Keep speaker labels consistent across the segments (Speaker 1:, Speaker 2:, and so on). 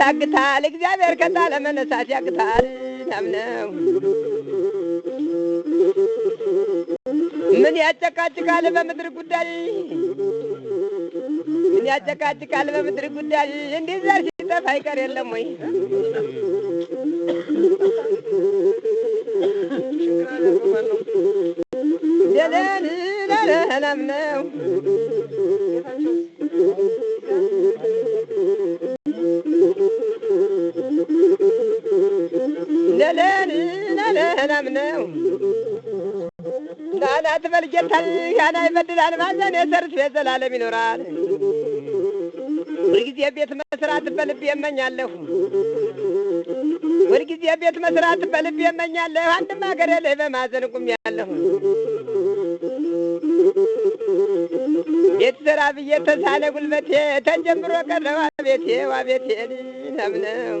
Speaker 1: ታግታል እግዚአብሔር ከዛ ለመነሳት ያግታል ታምነው ምን ያጨቃጭቃል በምድር ጉዳይ ምን ያጨቃጭቃል በምድር ጉዳይ እንዲህ ዘር ሲጠፋ አይቀር የለም ወይ ደለን ለምነው ነው። ላላ ትበል ጌታን ያና ይበድላል ማዘን የሰርት የዘላለም ይኖራል። ሁልጊዜ ቤት መስራት በልብ የመኛለሁ። ሁልጊዜ ቤት መስራት በልብ የመኛለሁ። አንድም ሀገሬ ላይ በማዘን ቁሚያለሁ። ቤት ስራ ብዬ ተሳለ ጉልበቴ ተጀምሮ ቀረ ዋቤቴ ዋቤቴ ልነምነው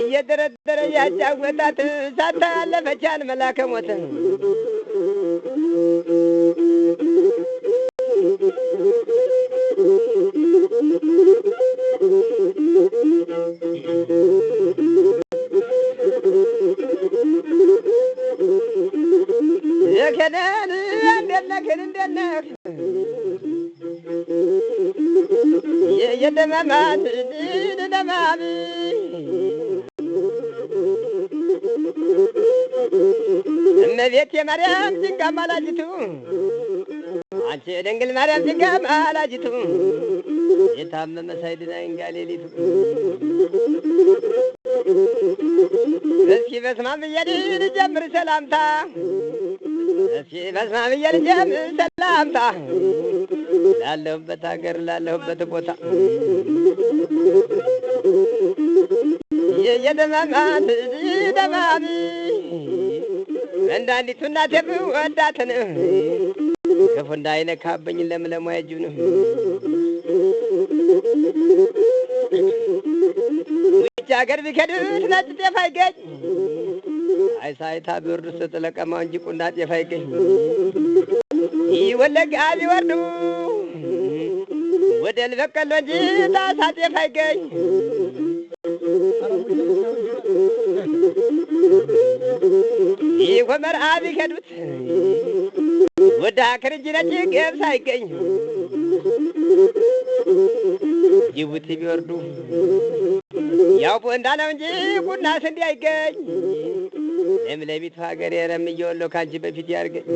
Speaker 1: እየደረደረ ያጫወታት ሳታለፈቻን መላከ ሞትን ከነን እንዴት ነህ? ግን እንዴት ነህ? የደመማት ደማሚ እመቤት የማርያም ዝንጋ ማላጅቱ አንቺ የድንግል ማርያም ዝንጋ ማላጅቱ የታመመ ሳይድና ይንጋ ሌሊቱ እስኪ በስማም እያልን ጀምር ሰላምታ እስኪ በስማም እያልን ጀምር ሰላምታ ላለሁበት ሀገር ላለሁበት ቦታ የየደማማት ደማሚ እንዳንዲቱ እናቴ ብወዳትን ክፉ እንዳይነካብኝ ለምለሙ ያጅብ ነው። ውጭ ሀገር ቢከድ ነጭ ጤፍ አይገኝ አይሳይታ ቢወርድ ውስጥ ጥለቀማው እንጂ ቁና ጤፍ አይገኝ። ወለጋ ቢወርዱ ወደ ልበቀሎ እንጂ ጣሳ ጤፍ አይገኝ። ይኮመር አብ ይከዱት ወዳ ክርጅ ነጭ ገብስ አይገኝ ጅቡቲ ቢወርዱ ያው እንዳለው እንጂ ቡና ስንዴ አይገኝ። ለምለሚቱ ሀገር የረምየወለው ከአንቺ በፊት ያርገኝ።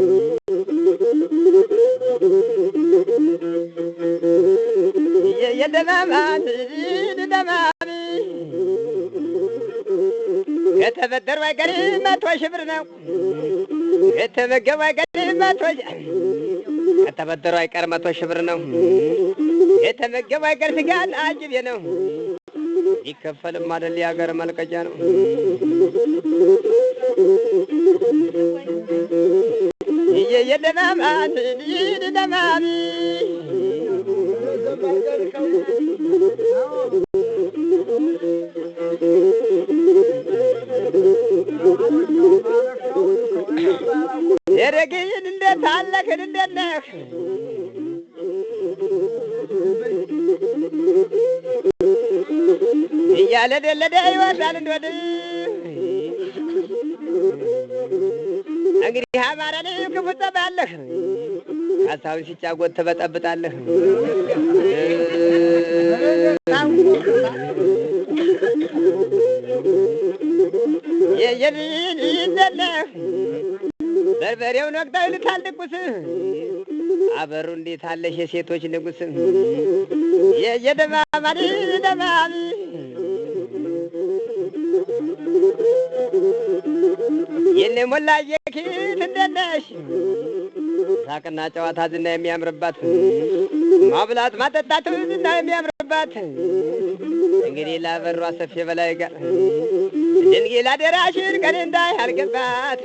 Speaker 1: የደማማት ደማ የተወደሩ አይቀር መቶ ሺህ ብር ነው። የተመገቡ አይቀር መቶ ከተበደሩ አይቀር መቶ ሺህ ብር ነው። ነው። ይከፈልም አይደል የሀገር መልቀጃ ነው። የደማማት ደማሚ ለደ ይወጣል እንደወደ እንግዲህ አማራ ነኝ ክፉ ትጠባለህ፣ ሀሳብን ሲጫጎት ትበጠብጣለህ። የየዘለህ በርበሬው ነቅጠው ይሉታል ንጉሥ አበሩ እንዴት አለሽ የሴቶች ንጉሥ የየደማማሪ ደማሚ የኔ ሞላ የኪት እንደት ነሽ? ሳቅና ጨዋታ ዝና የሚያምርባት ማብላት ማጠጣት ዝና የሚያምርባት እንግዲህ ላበሯ ሰፊ በላይ ጋር ድንግል አደራሽን ቀን እንዳይ አልገባት